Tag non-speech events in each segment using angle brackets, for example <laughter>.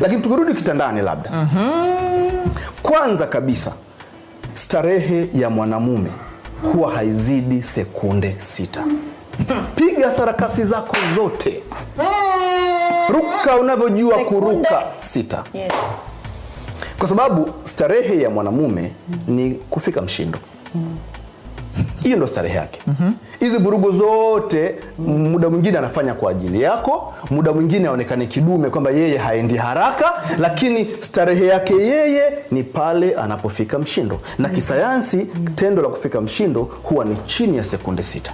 Lakini tukirudi kitandani, labda mm -hmm. Kwanza kabisa starehe ya mwanamume huwa haizidi sekunde sita. Piga sarakasi zako zote, ruka unavyojua kuruka sita, yes. Kwa sababu starehe ya mwanamume ni kufika mshindo. Hiyo ndo starehe yake. Hizi vurugu zote, muda mwingine anafanya kwa ajili yako, muda mwingine aonekane kidume kwamba yeye haendi haraka, lakini starehe yake yeye ni pale anapofika mshindo, na kisayansi tendo la kufika mshindo huwa ni chini ya sekunde sita.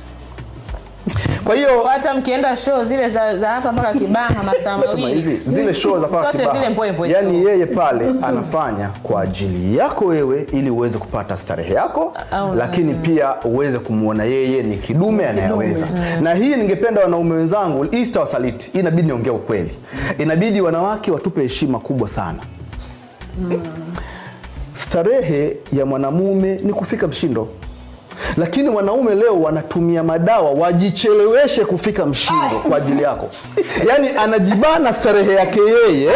Kwa hiyo hata mkienda show zile za, za hapa mpaka Kibaha <laughs> masaa mawili zile show za hapa Kibaha, yani yeye pale <laughs> anafanya kwa ajili yako wewe, ili uweze kupata starehe yako Aula, lakini pia uweze kumwona yeye ni kidume anayeweza. Mm. Na hii ningependa wanaume wenzangu Easter wasaliti, inabidi niongee ukweli, inabidi wanawake watupe heshima kubwa sana mm. Starehe ya mwanamume ni kufika mshindo lakini wanaume leo wanatumia madawa wajicheleweshe kufika mshindo kwa ajili yako, yaani anajibana starehe yake yeye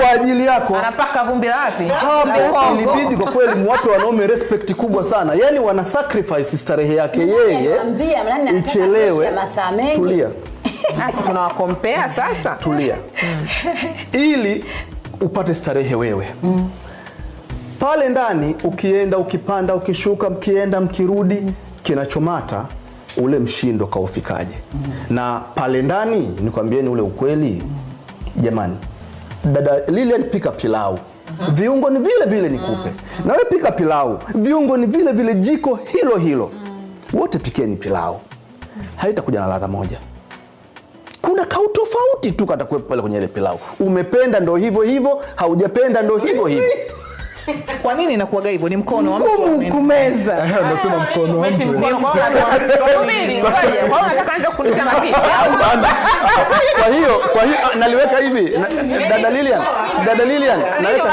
kwa ajili yako. Anapaka vumbi wapi? Hapo ilibidi kwa kweli mwape wanaume respect kubwa sana, yaani wana sacrifice starehe yake yeye ichelewe. Tulia. Tunawakompea sasa, tulia <laughs> ili upate starehe wewe mm pale ndani, ukienda ukipanda, ukishuka, mkienda mkirudi, kinachomata ule mshindo kaufikaje? mm na pale ndani nikwambieni ule ukweli jamani, dada lile pika pilau viungo ni vile vile, nikupe na wewe, pika pilau, viungo ni vile vile, jiko hilo hilo, wote pikeni pilau, haitakuja na ladha moja. Kuna kautofauti tu katakuwepo pale kwenye ile pilau. Umependa ndo hivyo hivyo, haujapenda ndo hivyo hivyo. Kwa nini nakuaga hivyo? Ni mkono wa mtu kumeza. Unasema mkono wa mtu. Ni mkono wa mtu. Kwa hiyo kwa hiyo ah, naliweka hivi. Yaani, yaani, dada Lilian, Dada Lilian, yaani, naliweka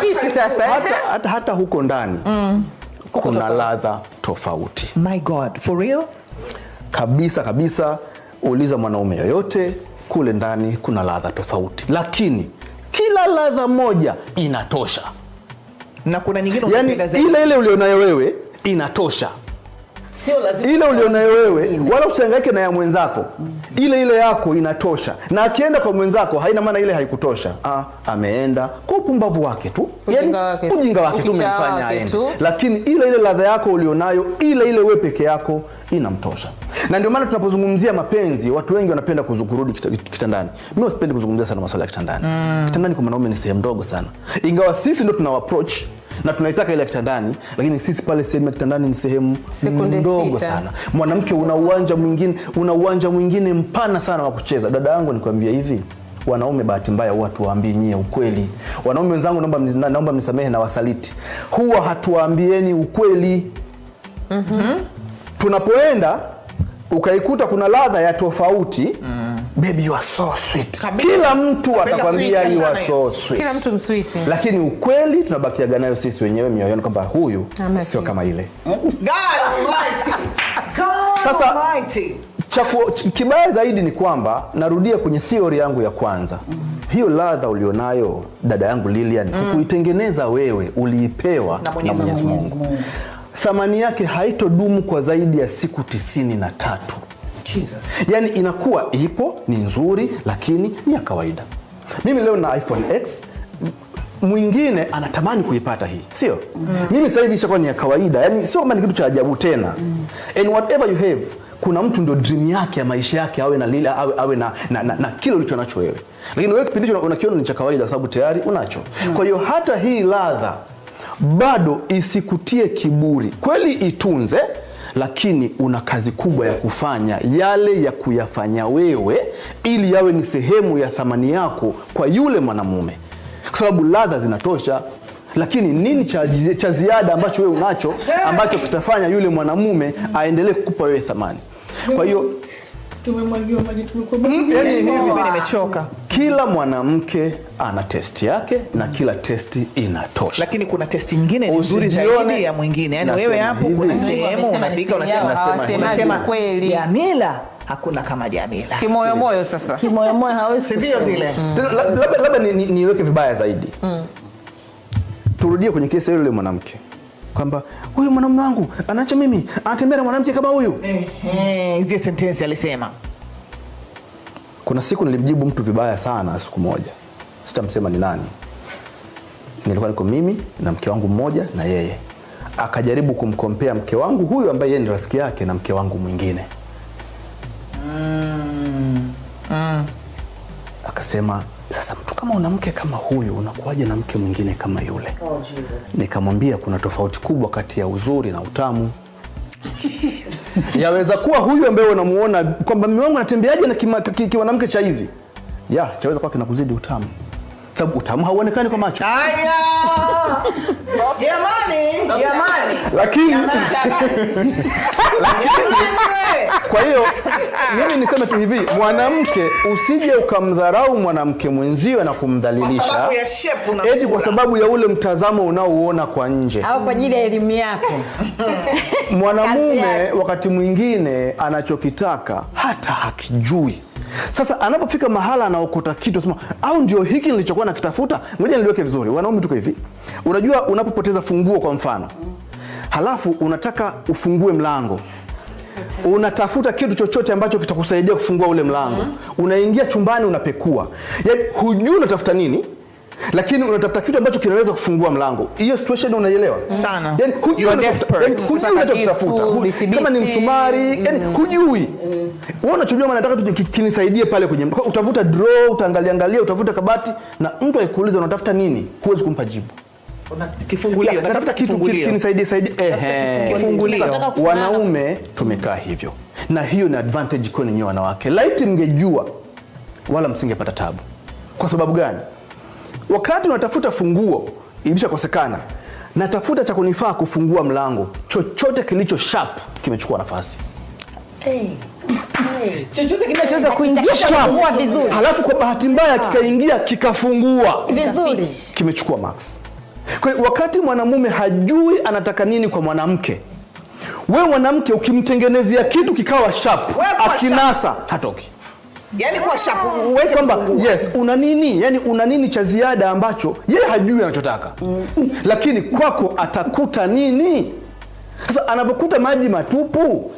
hivi. sasa. Eh? Hata hata huko ndani. Mm. Kuna ladha tofauti. My God, for real? Kabisa kabisa, uliza mwanaume yoyote kule ndani kuna ladha tofauti, lakini kila ladha moja inatosha na kuna nyingine yani, ile ile ulionayo wewe inatosha. Sio lazima ile ulionayo wewe, wala usihangaike na ya mwenzako. Ile ile yako inatosha, na akienda kwa mwenzako haina maana ile haikutosha. Ah, ameenda kwa upumbavu wake tu, yani ujinga wake tu umemfanya aende, lakini ile ile ladha yako ulionayo, ile ile wewe peke yako inamtosha. Na ndio maana tunapozungumzia mapenzi, watu wengi wanapenda kuzukurudi kitandani. Mimi sipendi kuzungumzia sana masuala ya kitandani. Mm. Kitandani kwa wanaume ni sehemu ndogo sana, ingawa sisi ndio tunawa approach na tunaitaka ile ya kitandani, lakini sisi pale sehemu ya kitandani ni sehemu ndogo sana. Mwanamke una uwanja mwingine, una uwanja mwingine mpana sana wa kucheza. Dada yangu nikwambia hivi Wanaume bahati mbaya huwa hatuwaambii nyie ukweli. Wanaume wenzangu, naomba naomba mnisamehe na wasaliti, huwa hatuwaambieni ukweli. mm -hmm. Tunapoenda ukaikuta kuna ladha ya tofauti mm. Baby you are so sweet. Kila mtu atakwambia you are so sweet. Kila mtu msweet. Lakini ukweli tunabakiaga nayo sisi wenyewe mioyoni kwamba huyu sio kama ile. God Almighty. God Sasa, Almighty. Chaku, kibaya zaidi ni kwamba narudia kwenye theory yangu ya kwanza mm -hmm. Hiyo ladha ulionayo dada yangu Lilian mm. Kuitengeneza wewe uliipewa na Mwenyezi Mungu, thamani yake haitodumu kwa zaidi ya siku tisini na tatu. Jesus. Yani inakuwa ipo ni nzuri, lakini ni ya kawaida. Mimi leo na iPhone X, mwingine anatamani kuipata hii, sio mm. Mimi sasa hivi ishakuwa ni ya kawaida, yani sio kama ni kitu cha ajabu tena mm. And whatever you have kuna mtu ndio dream yake ya maisha yake awe na lila awe, awe na, na, na, na kile ulicho nacho wewe, lakini wewe kipindi hicho unakiona ni cha kawaida kwa sababu tayari unacho mm. Kwa hiyo hata hii ladha bado isikutie kiburi, kweli itunze lakini una kazi kubwa ya kufanya, yale ya kuyafanya wewe ili yawe ni sehemu ya thamani yako kwa yule mwanamume, kwa sababu ladha zinatosha lakini nini cha, cha ziada ambacho wewe unacho ambacho kitafanya yule mwanamume aendelee kukupa wewe thamani? Kwa hiyo tumemwagiwa maji, kila mwanamke ana testi yake na kila testi inatosha, lakini kuna testi nyingine nzuri zaidi ya mwingine. Yani wewe hapo kuna sehemu unafika unasema kweli, Jamila hakuna kama Jamila. moyo sasa, moyo hawezi, sivyo vile. Mm. Labda niweke vibaya zaidi, mm. turudie kwenye kesi ile mwanamke kwamba huyu mwanamume wangu anacho mimi, anatembea na mwanamke kama huyu. hizo sentensi alisema kuna siku nilimjibu mtu vibaya sana, siku moja, sitamsema ni nani. Nilikuwa niko mimi na mke wangu mmoja, na yeye akajaribu kumkompea mke wangu huyu ambaye yeye ni rafiki yake na mke wangu mwingine mm. Mm. Akasema sasa, mtu kama una mke kama huyu unakuwaje na mke mwingine kama yule? Oh, Nikamwambia kuna tofauti kubwa kati ya uzuri na utamu. <laughs> yaweza kuwa huyu ambaye unamuona kwamba mume wangu anatembeaje na kiwanamke cha hivi, ya chaweza kuwa kinakuzidi utamu, sababu utamu hauonekani kwa macho. Jamani, jamani, lakini kwa hiyo mimi niseme tu hivi, mwanamke usije ukamdharau mwanamke mwenzio na kumdhalilisha eti kwa sababu ya ule mtazamo unaouona kwa nje au kwa ajili ya elimu yako. <laughs> Mwanamume wakati mwingine anachokitaka hata hakijui. Sasa anapofika mahala anaokota kitu sema, au ndio hiki nilichokuwa nakitafuta, ngoja niliweke vizuri. Wanaume tuko hivi, unajua unapopoteza funguo kwa mfano, halafu unataka ufungue mlango unatafuta kitu chochote ambacho kitakusaidia kufungua ule mlango mm -hmm. Unaingia chumbani, unapekua, yani, hujui unatafuta nini, lakini unatafuta kitu ambacho kinaweza kufungua mlango. Hiyo situation unaielewa mm. yani hujui unachotafuta, yaani, kama ni msumari, mm. yani hujui wewe unachojua, nataka kinisaidie pale kwenye utavuta draw, utaangalia angalia, utavuta kabati, na mtu akikuuliza unatafuta nini, huwezi kumpa jibu. Wanaume tumekaa hivyo, na hiyo ni advantage kwenu nyinyi wanawake. Laiti mngejua, wala msingepata tabu. Kwa sababu gani? Wakati unatafuta funguo ilishakosekana, natafuta cha kunifaa kufungua mlango, chochote kilicho shap kimechukua nafasi hey. halafu kwa bahati mbaya kikaingia kikafungua kimechukua kwa hiyo wakati mwanamume hajui anataka nini kwa mwanamke, we mwanamke ukimtengenezea kitu kikawa sharp, akinasa hatoki Yani kwa sharp uweze kwamba yes una nini, yani una nini cha ziada ambacho ye hajui anachotaka mm. Lakini kwako atakuta nini? Sasa anapokuta maji matupu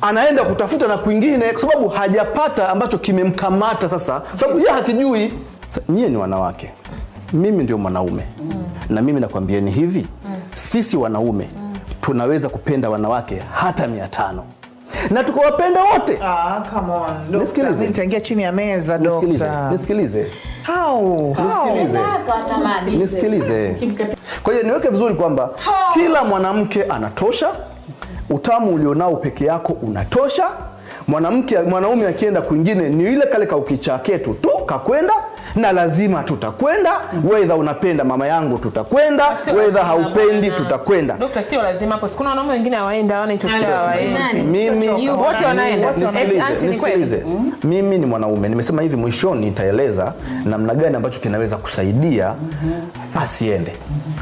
anaenda kutafuta na kwingine, kwa sababu hajapata ambacho kimemkamata sasa, kwa sababu ye hakijui. Nyie ni wanawake, mimi ndio mwanaume mm na mimi nakwambieni hivi mm. sisi wanaume mm. tunaweza kupenda wanawake hata mia tano na tukawapenda wote. Ah, Nisikilize. Kwa hiyo niweke vizuri kwamba kila mwanamke anatosha, utamu ulionao peke yako unatosha. Mwanamke mwanaume akienda kwingine ni ile kale kaukichaketu tu kakwenda na lazima tutakwenda mm. Wedha unapenda mama yangu, tutakwenda wedha haupendi, tutakwenda. Dokta, sio lazima hapo, sikuna wanaume wengine hawaenda, mimi, wote wanaenda. Mm. mimi ni mwanaume, nimesema hivi, mwishoni nitaeleza namna gani ambacho kinaweza kusaidia mm -hmm asiende.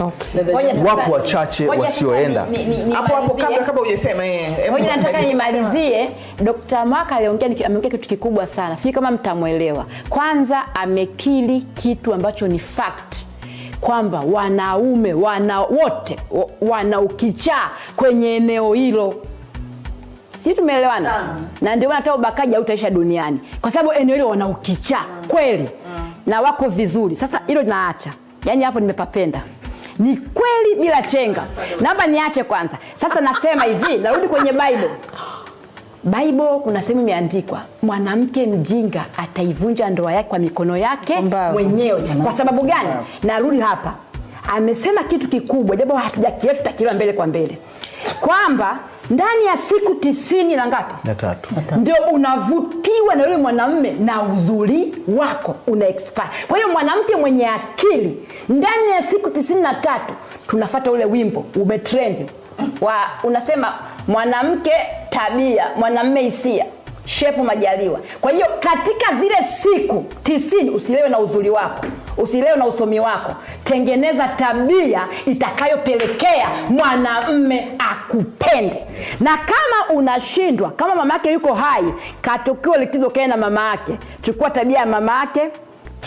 Okay. Wapo wachache wasioenda. Hapo hapo kabla kabla hujasema eh, eh, hebu Nataka nimalizie. Dkt. Maka aliongea ameongea kitu kikubwa sana. Sijui kama mtamwelewa. Kwanza amekili kitu ambacho ni fact kwamba wanaume wana wote wana ukichaa kwenye eneo hilo. Si tumeelewana? Na ndio maana hata ubakaji hautaisha duniani kwa sababu eneo hilo wana ukichaa mm. kweli, mm. na wako vizuri. Sasa hilo naacha Yaani hapo nimepapenda. Ni kweli bila chenga. Naomba niache kwanza. Sasa nasema hivi, narudi kwenye Bible. Bible kuna sehemu imeandikwa, mwanamke mjinga ataivunja ndoa yake kwa mikono yake mwenyewe. Kwa sababu gani? Narudi hapa. Amesema kitu kikubwa, japo hatujakielewa, tutakielewa mbele kwa mbele. Kwamba ndani ya siku tisini na ngapi? Ndio unavutiwa na yule mwanamme na uzuri wako una expire. Kwa hiyo mwanamke mwenye akili ndani ya siku tisini na tatu tunafata ule wimbo umetrend wa unasema mwanamke tabia, mwanamme hisia. Shepu Majaliwa. Kwa hiyo katika zile siku tisini usilewe na uzuri wako, usilewe na usomi wako, tengeneza tabia itakayopelekea mwanamme akupende. Na kama unashindwa, kama mama yake yuko hai, katokiwa likizo, kae na mama yake, chukua tabia ya mama yake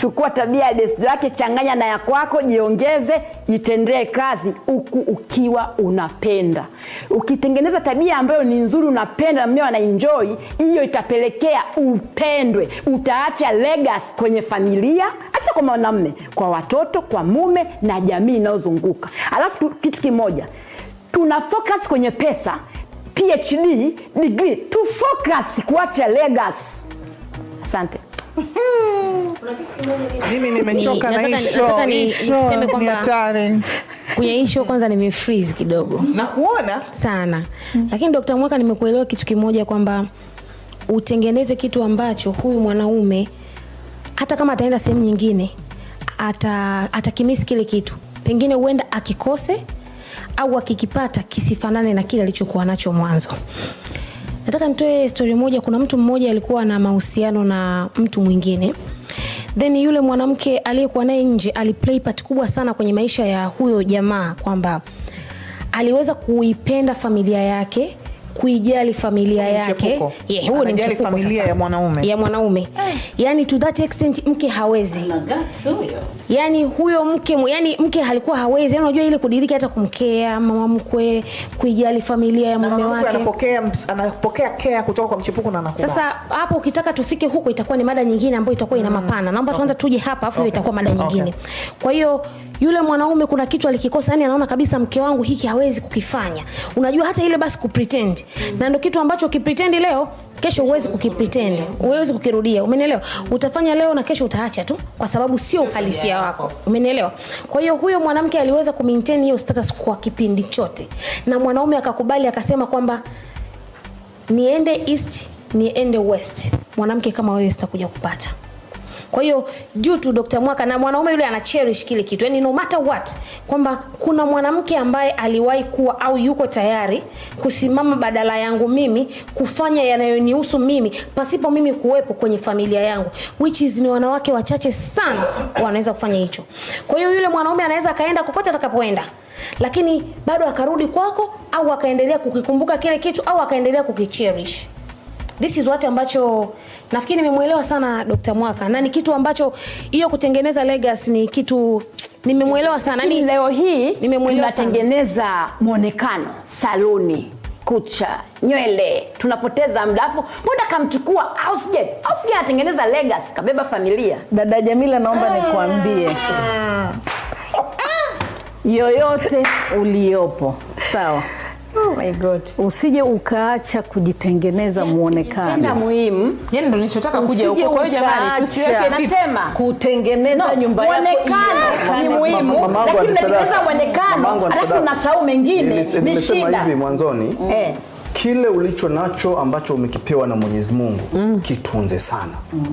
chukua tabia ya besti wake, changanya na ya kwako, jiongeze, itendee kazi, huku ukiwa unapenda. Ukitengeneza tabia ambayo ni nzuri, unapenda na mmeo anaenjoy, hiyo itapelekea upendwe, utaacha legacy kwenye familia, hata kwa mwanamme, kwa watoto, kwa mume na jamii inayozunguka. Alafu kitu kimoja, tuna focus kwenye pesa, PhD degree, tu focus kuacha legacy. Asante. Mimi nimechoka na hiyo. kwenye hii show kwanza nimefreeze kidogo. Nakuona sana. Hmm. Lakini Dr. Mwaka nimekuelewa kitu kimoja kwamba utengeneze kitu ambacho huyu mwanaume hata kama ataenda sehemu nyingine ata atakimisi kile kitu, pengine huenda akikose au akikipata kisifanane na kile alichokuwa nacho mwanzo. Nataka nitoe stori moja. Kuna mtu mmoja alikuwa na mahusiano na mtu mwingine, then yule mwanamke aliyekuwa naye nje aliplay part kubwa sana kwenye maisha ya huyo jamaa, kwamba aliweza kuipenda familia yake kuijali familia yake. Yeah, huo ni mchepuko familia ya mwanaume, ya mwanaume. Eh. Yani to that extent mke hawezi oh yani huyo mke yani mke alikuwa hawezi yani, unajua ile kudiriki hata kumkea mama mkwe, kuijali familia ya mume wake, anapokea anapokea kea kutoka kwa mchepuko na anakuwa Sasa hapo ukitaka tufike huko itakuwa ni mada nyingine ambayo itakuwa ina mm. mapana. Naomba tuanze tuje hapa afu itakuwa mada nyingine. Kwa hiyo yule mwanaume kuna kitu alikikosa, yani anaona kabisa mke wangu hiki hawezi kukifanya. Unajua hata ile basi kupretend mm. -hmm. na ndio kitu ambacho ukipretend leo kesho huwezi kukipretend, huwezi kukirudia. Umenielewa? Utafanya leo na kesho utaacha tu, kwa sababu sio uhalisia wako. Umenielewa? Kwa hiyo huyo mwanamke aliweza ku maintain hiyo status kwa kipindi chote, na mwanaume akakubali, akasema kwamba niende east niende west, mwanamke kama wewe sitakuja kupata kwa hiyo juu tu Dr. Mwaka na mwanaume yule ana cherish kile kitu, Yaani no matter what, kwamba kuna mwanamke ambaye aliwahi kuwa au yuko tayari kusimama badala yangu mimi kufanya yanayonihusu mimi pasipo mimi kuwepo kwenye familia yangu, which is ni wanawake wachache sana wanaweza kufanya hicho. Kwa hiyo yule mwanaume anaweza akaenda kokote atakapoenda, lakini bado akarudi kwako, au akaendelea kukikumbuka kile kitu, au akaendelea kukicherish. This is what ambacho nafikiri nimemwelewa sana Dr. Mwaka na ni kitu ambacho hiyo kutengeneza legacy ni kitu nimemwelewa sana. Ni leo hii tunatengeneza mwonekano, saluni, kucha, nywele, tunapoteza mdafu. Muda kamchukua Ausget. Ausget anatengeneza legacy, kabeba familia. Dada Jamila, naomba nikuambie ah. Ah. yoyote uliopo sawa Oh Usije ukaacha kujitengeneza muonekano. Muhimu. nilichotaka kuja huko. Kwa hiyo jamani, tusiweke tips kutengeneza nyumba yako. ni muhimu. Lakini alafu mengine. Nimesema hivi mwanzoni. Mm. Eh. Kile ulicho nacho ambacho umekipewa na Mwenyezi Mungu, mm. kitunze sana. Mm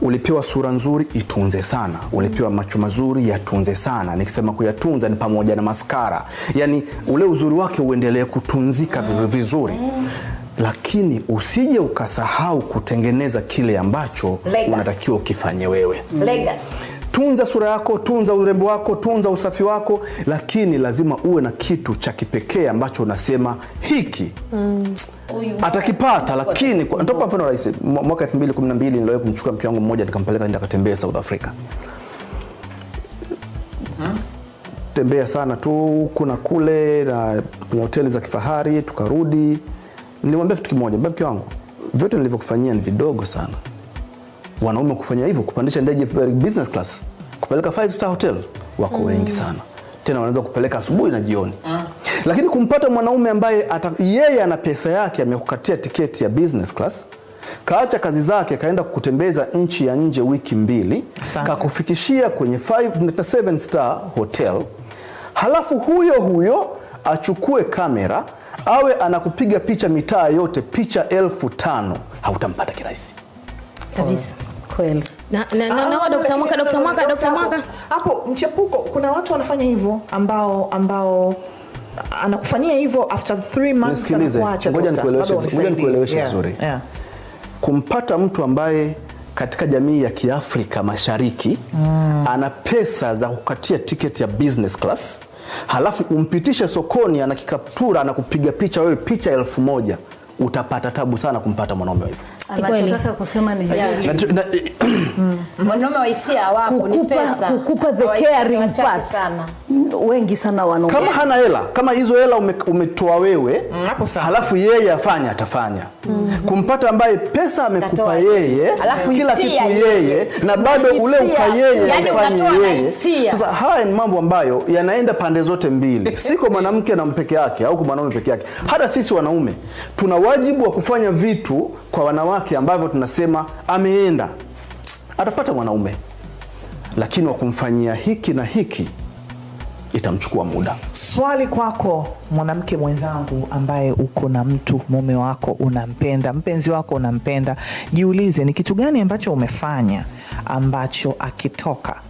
ulipewa sura nzuri itunze sana, ulipewa macho mazuri yatunze sana. Nikisema kuyatunza ni pamoja na maskara, yani ule uzuri wake uendelee kutunzika vizuri lakini usije ukasahau kutengeneza kile ambacho unatakiwa ukifanye wewe. Legacy. Tunza sura yako, tunza urembo wako, tunza usafi wako, lakini lazima uwe na kitu cha kipekee ambacho unasema hiki mm. atakipata. Lakini ntopa mfano rahisi, mwaka 2012 niliwai kumchukua mke wangu mmoja nikampeleka nenda akatembea South Africa hmm? tembea sana tu huku na kule na kwenye hoteli za kifahari tukarudi. Nilimwambia kitu kimoja, mbea mke wangu, vyote nilivyokufanyia ni vidogo sana wanaume kufanya hivyo, kupandisha ndege business class, kupeleka five star hotel, wako mm. wengi sana tena, wanaweza kupeleka asubuhi na jioni ah. Lakini kumpata mwanaume ambaye ata, yeye ana pesa yake, amekukatia tiketi ya business class kaacha kazi zake kaenda kutembeza nchi ya nje wiki mbili, kakufikishia kwenye five, seven star hotel, halafu huyo huyo achukue kamera awe anakupiga picha mitaa yote, picha elfu tano hautampata kirahisi kabisa kweli. Na na na, na ah, Dr. Mwaka Dr. Mwaka Dr. Mwaka hapo mchepuko, kuna watu wanafanya hivyo ambao ambao anakufanyia hivyo after 3 months anakuacha. Ngoja nikueleweshe vizuri. Kumpata mtu ambaye katika jamii ya Kiafrika Mashariki mm. ana pesa za kukatia tiketi ya business class halafu umpitishe sokoni, anakikaptura na kupiga picha wewe, picha elfu moja utapata tabu sana kumpata mwanaume hivyo. Ah, kukupa the caring part. Wengi sana wanaume kama hana hela, kama hizo hela umetoa wewe, mm, halafu yeye afanya atafanya mm-hmm. kumpata ambaye pesa amekupa yeye kila kitu yeye, na bado ule uka yaani yeye afanye yeye. Sasa haya ni mambo ambayo yanaenda pande zote mbili, <laughs> siko mwanamke na mpeke yake au kwa mwanaume peke yake. Hata sisi wanaume tuna wajibu wa kufanya vitu kwa wanawake wake ambavyo tunasema ameenda atapata mwanaume, lakini wa kumfanyia hiki na hiki itamchukua muda. Swali kwako mwanamke mwenzangu, ambaye uko na mtu, mume wako unampenda, mpenzi wako unampenda, jiulize ni kitu gani ambacho umefanya ambacho akitoka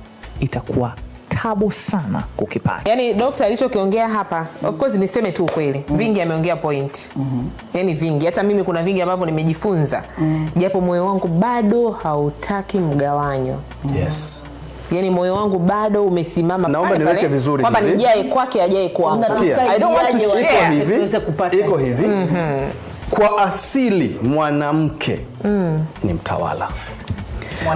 itakuwa tabu sana kukipata. Yani dokta alichokiongea hapa, of course niseme tu kweli, mm-hmm. vingi ameongea point. Mm-hmm. Yani vingi, hata mimi kuna vingi ambavyo nimejifunza mm-hmm. japo moyo wangu bado hautaki mgawanyo. yes. Yani moyo wangu bado umesimama. Naomba niweke vizuri kwamba nijae kwake ajae kwangu. Iko hivi kwa asili mwanamke mm. ni mtawala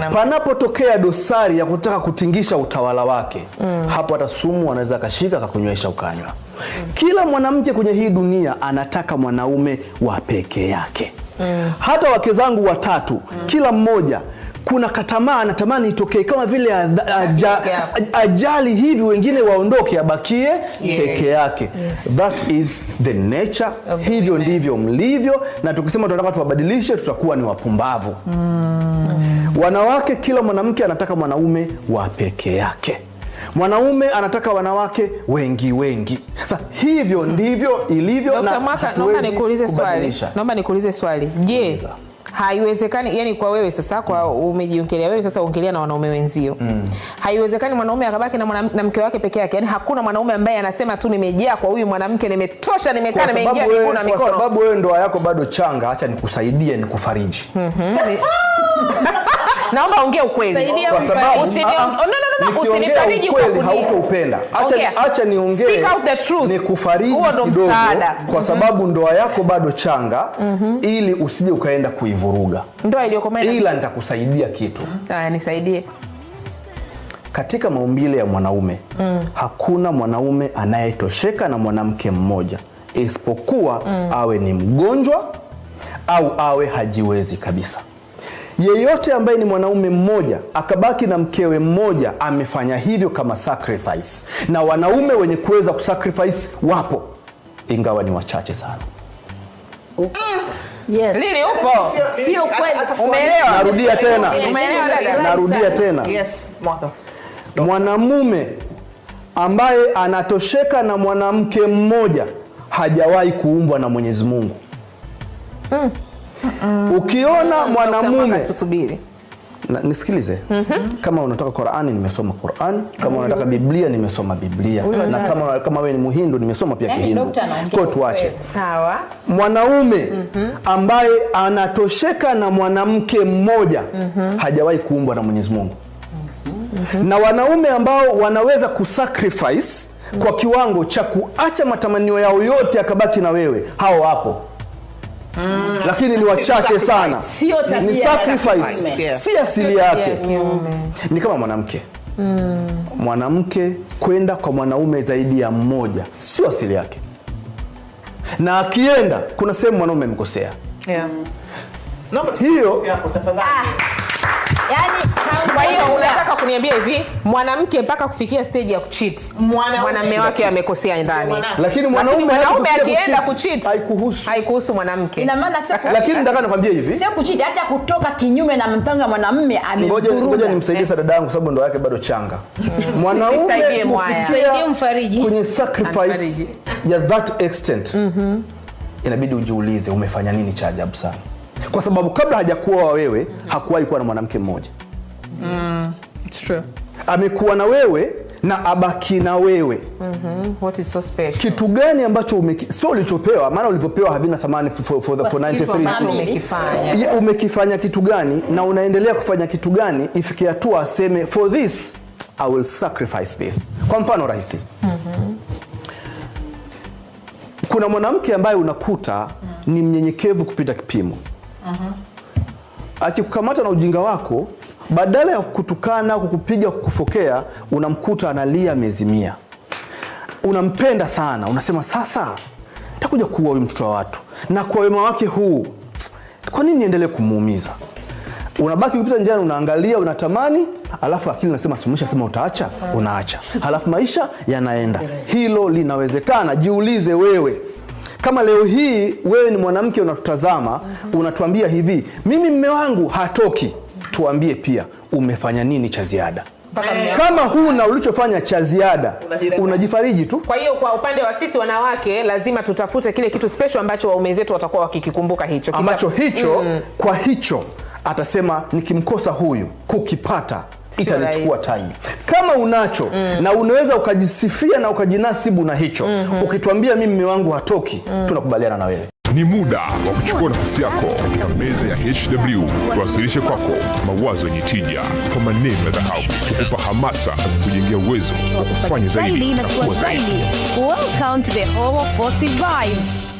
panapotokea dosari ya kutaka kutingisha utawala wake mm. hapo hata sumu anaweza akashika akakunywesha ukanywa mm. Kila mwanamke kwenye hii dunia anataka mwanaume wa pekee yake mm. Hata wake zangu watatu mm. kila mmoja kuna katamaa anatamani itokee kama vile aja, yeah. ajali hivi, wengine waondoke abakie yeah. peke yake yes. That is the nature hivyo ndivyo mlivyo, na tukisema tunataka tuwabadilishe tutakuwa ni wapumbavu mm. Wanawake, kila mwanamke anataka mwanaume wa peke yake, mwanaume anataka wanawake wengi wengi. Sa, hivyo ndivyo ilivyo. Naomba nikuulize swali, je, haiwezekani yani kwa wewe sasa, kwa umejiongelea wewe sasa, ongelea na wanaume wenzio mm. Haiwezekani mwanaume akabaki na, na mke wake peke yake. Yani hakuna mwanaume ambaye anasema tu nimejaa kwa huyu mwanamke, nimetosha, nimekaa, nimeingia miguu na mikono, kwa sababu wewe ndoa yako bado changa, acha nikusaidie, nikufariji mm -hmm. <laughs> <laughs> naomba ongea ukweli, usinifariji ukweli hautoupenda. Acha niongee kufariji kidogo, kwa mhm. sababu ndoa yako bado changa, mhm. ili usije ukaenda kuivuruga ndoa iliyokomaa. Ila nitakusaidia kitu, nisaidie katika maumbile ya mwanaume mm. Hakuna mwanaume anayetosheka na mwanamke mmoja isipokuwa mm. awe ni mgonjwa au awe hajiwezi kabisa. Yeyote ambaye ni mwanaume mmoja akabaki na mkewe mmoja amefanya hivyo kama sacrifice, na wanaume wenye kuweza kusacrifice wapo, ingawa ni wachache sana. Mm. Yes. Lili upo? Sio kweli. Umeelewa? Narudia tena. Narudia tena. Yes, mwaka. Mwanamume ambaye anatosheka na mwanamke mmoja hajawahi kuumbwa na Mwenyezi Mungu. Mm. Ukiona mwanamume tusubiri nisikilize. mm -hmm. Kama unataka Qur'ani, nimesoma Qur'ani. Kama mm-hmm. unataka Biblia, nimesoma Biblia. Na kama kama wewe ni Muhindu, nimesoma pia yaani Kihindu. Kwa tuache sawa, mwanaume mm -hmm. ambaye anatosheka na mwanamke mmoja mm -hmm. hajawahi kuumbwa na Mwenyezi Mungu mm -hmm. na wanaume ambao wanaweza kusacrifice mm -hmm. kwa kiwango cha kuacha matamanio yao yote akabaki na wewe, hao hapo Mm. Lakini ni wachache sana, ni sacrifice, si asili yake. Ni kama mwanamke mm. mwanamke kwenda kwa mwanaume zaidi ya mmoja sio asili yake, na akienda kuna sehemu mwanaume amekosea. hiyo yeah, yani, kwa hiyo unataka kuniambia hivi mwanamke mpaka kufikia stage ya kucheat mwanamume wake amekosea ndani, lakini mwanaume akienda kucheat haikuhusu mwanamke. Ina maana lakini nataka nikwambie hivi, sio kucheat, hata kutoka kinyume na mpanga mwanamume amemvuruga. Ngoja nimsaidie eh. sana dadangu, sababu ndo yake bado changa. Mm. Mwanaume kwenye sacrifice ya that extent, mhm. inabidi ujiulize umefanya nini cha ajabu sana kwa sababu kabla hajakuwa wewe mm -hmm. hakuwahi kuwa na mwanamke mmoja. Mm, Amekuwa na wewe na abaki na wewe. mm -hmm. so Kitu gani ambacho umeki, sio ulichopewa, maana ulivyopewa havina thamani umekifanya. Yeah, umekifanya kitu gani na unaendelea kufanya kitu gani ifikie hatua aseme for this I will sacrifice this. Kwa mfano rahisi mm -hmm. kuna mwanamke ambaye unakuta mm -hmm. ni mnyenyekevu kupita kipimo mm Uh-huh. akikukamata na ujinga wako, badala ya kutukana kukupiga, kukufokea, unamkuta analia amezimia. Unampenda sana, unasema sasa takuja kuua huyu mtoto wa watu, na kwa wema wake huu, kwa nini niendelee kumuumiza? Unabaki kupita njiani, unaangalia, unatamani, alafu akili nasema sumisha, sema utaacha, unaacha, halafu maisha yanaenda. Hilo linawezekana, jiulize wewe. Kama leo hii wewe ni mwanamke unatutazama, mm -hmm. unatuambia hivi, mimi mme wangu hatoki, tuambie pia umefanya nini cha ziada kama huna ulichofanya cha ziada, unajifariji tu. Kwa hiyo kwa upande wa sisi wanawake, lazima tutafute kile kitu special ambacho waume zetu watakuwa wakikikumbuka hicho ambacho hicho, mm. kwa hicho atasema nikimkosa huyu kukipata itanichukua time. Kama unacho mm. na unaweza ukajisifia na ukajinasibu na hicho mm -hmm. ukitwambia mi mme wangu hatoki mm. tunakubaliana na wewe. Ni muda wa kuchukua nafasi yako katika meza ya HW, tuwasilishe kwako mawazo yenye tija kwa maneno ya dhahabu, kukupa hamasa, kujengea uwezo wa kufanya zaidi na kuwa zaidi.